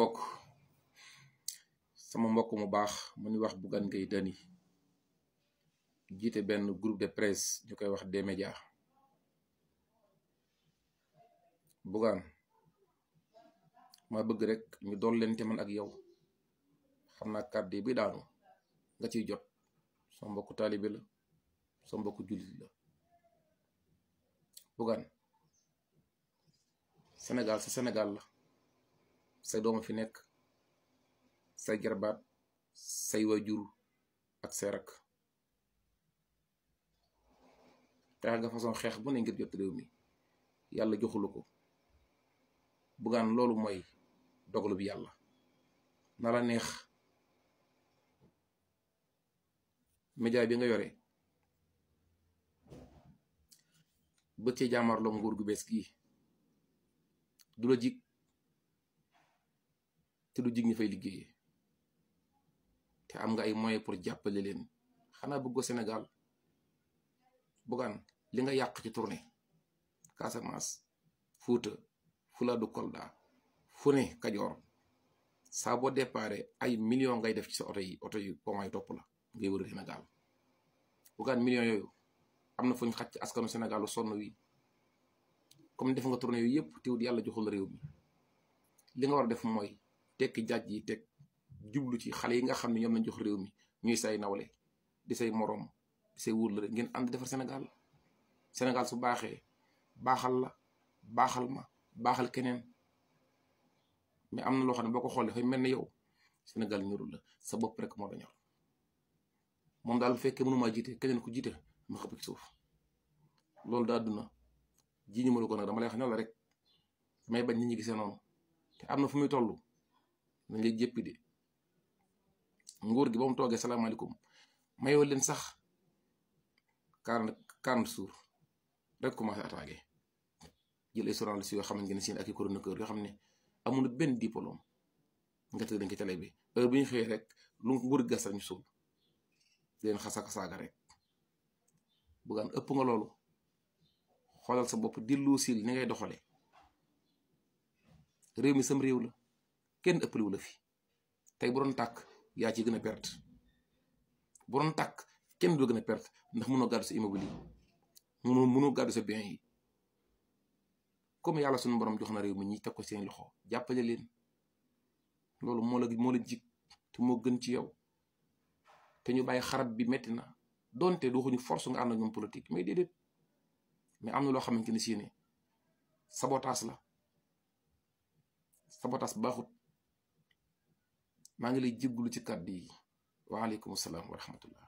mbokk mbokk mu baax mu ni wax Bougane Gueye benn groupe de presse ñu koy wax des médias ma bëgg rek ñu dool leen te man ak yow xam naa kàddu bi daanu nga ciy jot sama mbokku taalibe la sama mbokku jullit la Bougane Sénégal sa Sénégal la sa dooma fi nekk say jarbaat say waajur ak say rakk tax façon xeex bu ne ngir jot réew mi yàlla joxulu ko bugaan loolu mooy dogalu bi yàlla na la neex média bi nga yore bëccee jaamarloo nguur gu bees gii du la jig te du jig ñi fay te am nga ay moyens pour jàppale leen xanaa bëggoo Sénégal bugaan li nga yàq ci tournée Casamance Fuuta du Kolda fu ne Kajoor saa boo déparé ay million ngay def ci sa oto yi oto yi poma yi topp la ngay wër Sénégal bugaan millions yooyu am na fu ñu xàcc askanu Sénégal son sonn wi comme def nga tournée yooyu yëpp te wut yàlla joxul réew mi li nga war a def mooy. tekki jaaj yi teg jublu ci xale yi nga xam ne ñoom lañ jox réew mi ñuy say nawle di say moroom di say wóor la ngeen ànd defar Sénégal Sénégal su baaxee baaxal la baaxal ma baaxal keneen mais am na loo xam ne boo ko xoolee dafay mel ne yow Sénégal ñorul la sa bopp rek moo la ñor moom daal bu fekkee mënumaa jiite keneen ku jiite ma xëpp ci suuf loolu daa duna ji ñu ma ko nag dama lay wax ne la rek may bañ nit ñi gisee noonu te am na fu muy toll. na nga jéppi de nguur gi ba mu toogee salaamaaleykum mayoo leen sax quarante quarante jours rek commencé attaqué jël ay journalistes yoo xamante ne siin ak i chroniqueurs yoo xam ne amul benn diplôme nga tëdd dañ ci télé bi heure bi ñu xëyee rek lu nguur gas rek ñu suul di leen xasaka saaga rek bugaan ëpp nga loolu xoolal sa bopp dilu lu sil ni ngay doxale réew mi sam réew la kenn ëppale la fi tey bu doon tàkk yaa ci gën a perte bu doon tàkk kenn du gën a perte ndax mënoo gàddu sa immeuble yi mu mënoo gàddu sa biens yi comme yàlla suñu borom jox na réew mi ñi teg seen loxo jàppale leen loolu moo la moo la jig te moo gën ci yow te ñu bàyyi xarab bi metti na donte du waxuñu force nga ànd ak ñoom politique mais déedéet mais am na loo xamante ne si ne sabotage la sabotage baaxut. maa ngi lay jéggulu ci kàddu yi waaleykum salaam wa rahmatullah